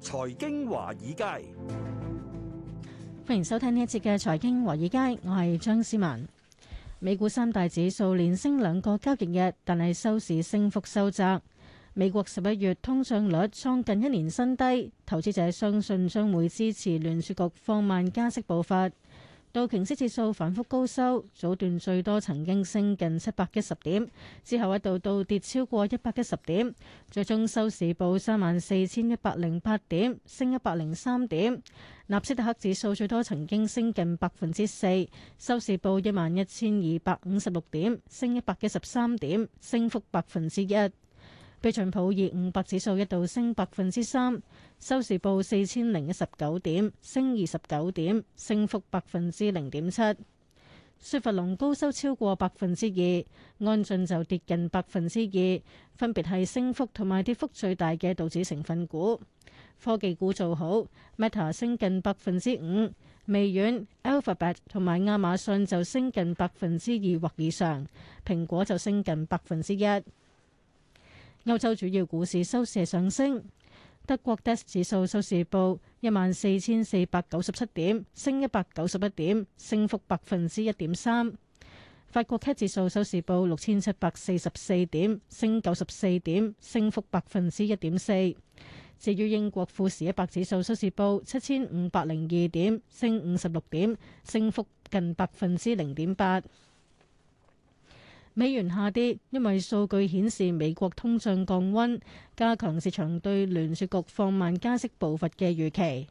財經華爾街，歡迎收聽呢一節嘅財經華爾街，我係張思文。美股三大指數連升兩個交易日，但係收市升幅收窄。美國十一月通脹率創近一年新低，投資者相信將會支持聯儲局放慢加息步伐。道瓊斯指數反覆高收，早段最多曾經升近七百一十點，之後一度倒跌超過一百一十點，最終收市報三萬四千一百零八點，升一百零三點。納斯達克指數最多曾經升近百分之四，收市報一萬一千二百五十六點，升一百一十三點，升幅百分之一。標準普爾五百指數一度升百分之三。收市報四千零一十九點，升二十九點，升幅百分之零點七。雪佛龍高收超過百分之二，安進就跌近百分之二，分別係升幅同埋跌幅最大嘅道指成分股。科技股做好，Meta 升近百分之五，微軟、Alphabet 同埋亞馬遜就升近百分之二或以上，蘋果就升近百分之一。歐洲主要股市收市上升。德國 DAX 指數收市報一萬四千四百九十七點，升一百九十一點，升幅百分之一點三。法國 CAC 指數收市報六千七百四十四點，升九十四點，升幅百分之一點四。至於英國富時一百指數收市報七千五百零二點，升五十六點，升幅近百分之零點八。美元下跌，因為數據顯示美國通脹降溫，加強市場對聯儲局放慢加息步伐嘅預期。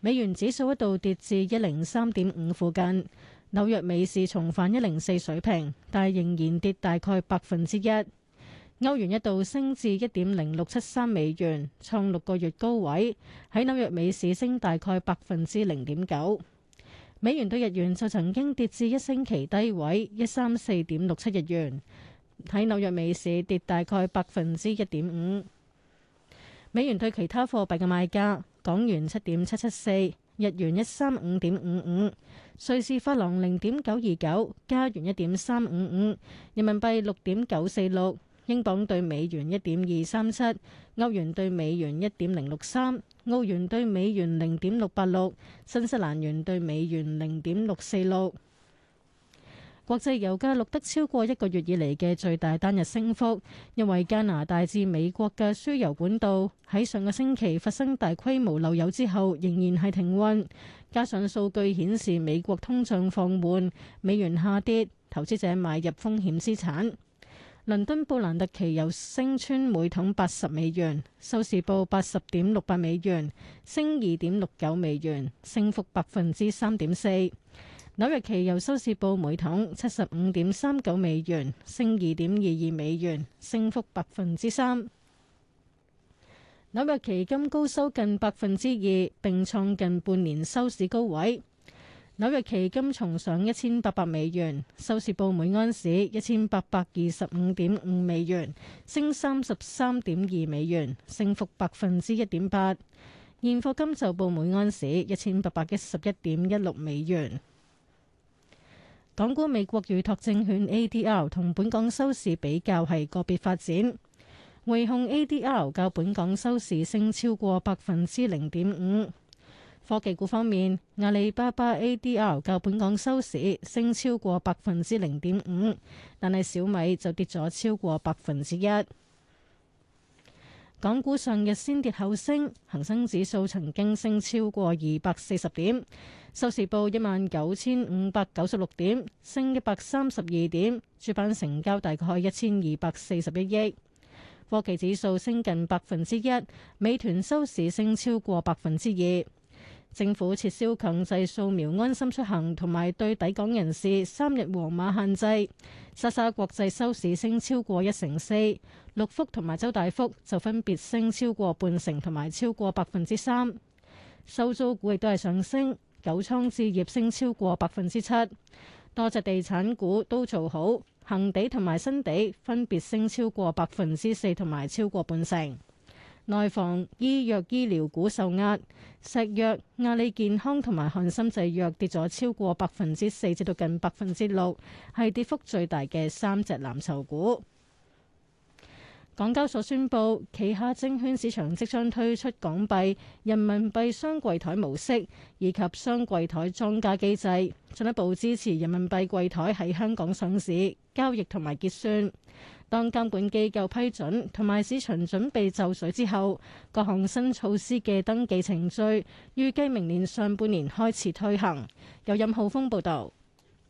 美元指數一度跌至一零三點五附近，紐約美市重返一零四水平，但仍然跌大概百分之一。歐元一度升至一點零六七三美元，創六個月高位，喺紐約美市升大概百分之零點九。美元兌日元就曾經跌至一星期低位一三四點六七日元，喺紐約美市跌大概百分之一點五。美元對其他貨幣嘅賣價：港元七點七七四，日元一三五點五五，瑞士法郎零點九二九，加元一點三五五，人民幣六點九四六。英鎊兌美元一點二三七，歐元兌美元一點零六三，澳元兌美元零點六八六，新西蘭元兌美元零點六四六。國際油價錄得超過一個月以嚟嘅最大單日升幅，因為加拿大至美國嘅輸油管道喺上個星期發生大規模漏油之後仍然係停運，加上數據顯示美國通脹放緩，美元下跌，投資者買入風險資產。倫敦布蘭特期油升穿每桶八十美元，收市報八十點六八美元，升二點六九美元，升幅百分之三點四。紐約期油收市報每桶七十五點三九美元，升二點二二美元，升幅百分之三。紐約期金高收近百分之二，並創近半年收市高位。紐約期金重上一千八百美元，收市報每盎司一千八百二十五點五美元，升三十三點二美元，升幅百分之一點八。現貨金就報每盎司一千八百一十一點一六美元。港股美國預託證券 ADR 同本港收市比較係個別發展，匯控 ADR 較本港收市升超過百分之零點五。科技股方面，阿里巴巴 A.D.R. 較本港收市升超過百分之零點五，但係小米就跌咗超過百分之一。港股上日先跌後升，恒生指數曾經升超過二百四十點，收市報一萬九千五百九十六點，升一百三十二點，主板成交大概一千二百四十一億。科技指數升近百分之一，美團收市升超過百分之二。政府撤銷強制掃描安心出行，同埋對抵港人士三日黃碼限制。莎莎國際收市升超過一成四，六福同埋周大福就分別升超過半成同埋超過百分之三。收租股亦都係上升，九倉置業升超過百分之七，多隻地產股都做好，恒地同埋新地分別升超過百分之四同埋超過半成。內房醫藥醫療股受壓，石藥、亞利健康同埋翰森製藥跌咗超過百分之四，至到近百分之六，係跌幅最大嘅三隻藍籌股。港交所宣布，旗下證券市場即將推出港幣人民幣雙櫃檯模式以及雙櫃檯莊家機制，進一步支持人民幣櫃檯喺香港上市交易同埋結算。當監管機構批准同埋市場準備就緒之後，各項新措施嘅登記程序預計明年上半年開始推行。由任浩峰報道。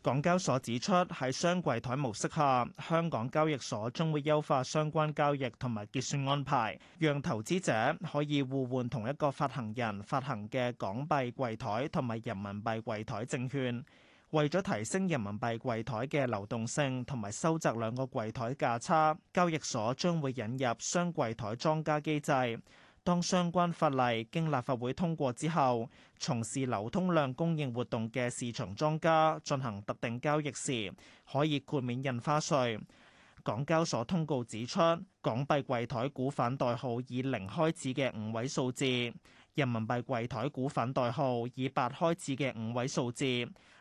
港交所指出，喺雙櫃台模式下，香港交易所將會優化相關交易同埋結算安排，讓投資者可以互換同一個發行人發行嘅港幣櫃台同埋人民幣櫃台證券。為咗提升人民幣櫃台嘅流動性同埋收窄兩個櫃台價差，交易所將會引入雙櫃台莊家機制。當相關法例經立法會通過之後，從事流通量供應活動嘅市場莊家進行特定交易時，可以豁免印花稅。港交所通告指出，港幣櫃台股份代號以零開始嘅五位數字，人民幣櫃台股份代號以八開始嘅五位數字，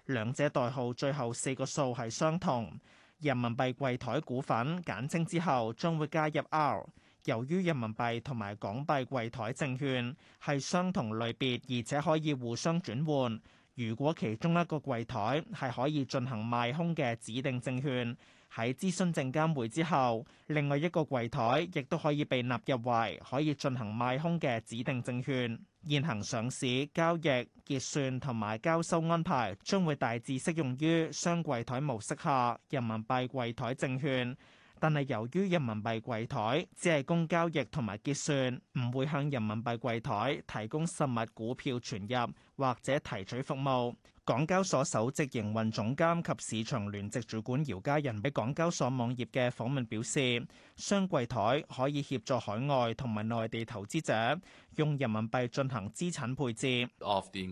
兩者代號最後四個數係相同。人民幣櫃台股份簡稱之後，將會加入 R。由於人民幣同埋港幣櫃台證券係相同類別，而且可以互相轉換。如果其中一個櫃台係可以進行賣空嘅指定證券，喺諮詢證監會之後，另外一個櫃台亦都可以被納入為可以進行賣空嘅指定證券。現行上市、交易、結算同埋交收安排，將會大致適用於雙櫃台模式下人民幣櫃台證券。但係，由於人民幣櫃台只係供交易同埋結算，唔會向人民幣櫃台提供實物股票存入或者提取服務。港交所首席營運總監及市場聯席主管姚嘉仁畀港交所網頁嘅訪問表示，雙櫃台可以協助海外同埋內地投資者用人民幣進行資產配置。Of the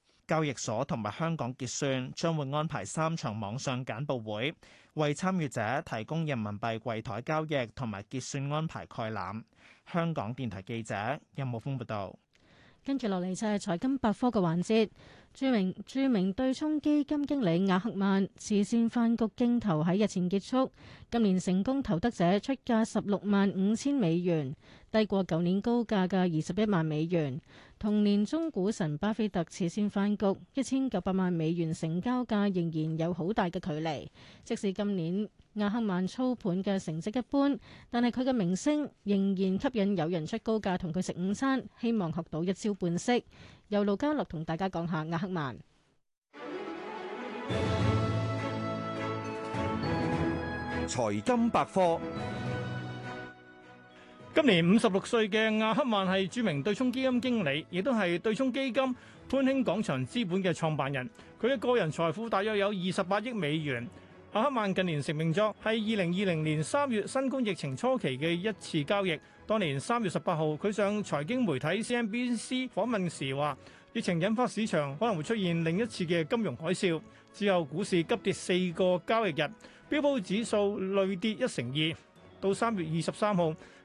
交易所同埋香港結算將會安排三場網上簡報會，為參與者提供人民幣櫃台交易同埋結算安排概覽。香港電台記者任武峯報道。跟住落嚟就係財金百科嘅環節，著名著名對沖基金經理阿克曼慈善飯局競投喺日前結束，今年成功投得者出價十六萬五千美元。低過舊年高價嘅二十一萬美元，同年中股神巴菲特慈善飯局，一千九百萬美元成交價仍然有好大嘅距離。即使今年亞克曼操盤嘅成績一般，但係佢嘅名聲仍然吸引有人出高價同佢食午餐，希望學到一招半式。由盧嘉樂同大家講下亞克曼。財金百科。今年五十六歲嘅阿克曼係著名對沖基金經理，亦都係對沖基金潘興廣場資本嘅創辦人。佢嘅個人財富大約有二十八億美元。阿克曼近年成名作係二零二零年三月新冠疫情初期嘅一次交易。當年三月十八號，佢上財經媒體 CNBC 訪問時話：疫情引發市場可能會出現另一次嘅金融海嘯。之後股市急跌四個交易日，標普指數累跌一成二。到三月二十三號。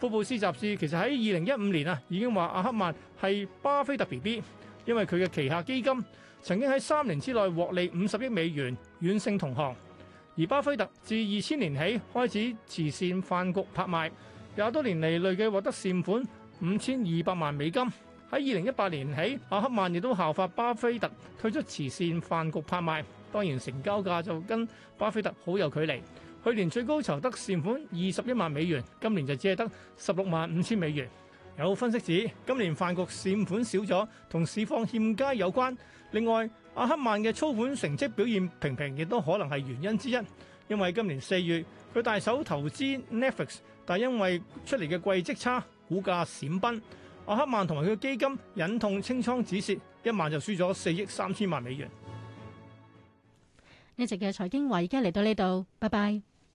《福布斯》雜誌其實喺二零一五年啊，已經話阿克曼係巴菲特 BB，因為佢嘅旗下基金曾經喺三年之內獲利五十億美元，遠勝同行。而巴菲特自二千年起開始慈善飯局拍賣，廿多年嚟累計獲得善款五千二百萬美金。喺二零一八年起，阿克曼亦都效法巴菲特退出慈善飯局拍賣，當然成交價就跟巴菲特好有距離。去年最高籌得善款二十一萬美元，今年就只係得十六萬五千美元。有分析指今年飯局善款少咗，同市況欠佳有關。另外，阿克曼嘅操盤成績表現平平，亦都可能係原因之一。因為今年四月佢大手投資 Netflix，但因為出嚟嘅季績差，股價閃崩。阿克曼同埋佢基金忍痛清倉止蝕，一晚就輸咗四億三千萬美元。呢集嘅財經話而家嚟到呢度，拜拜。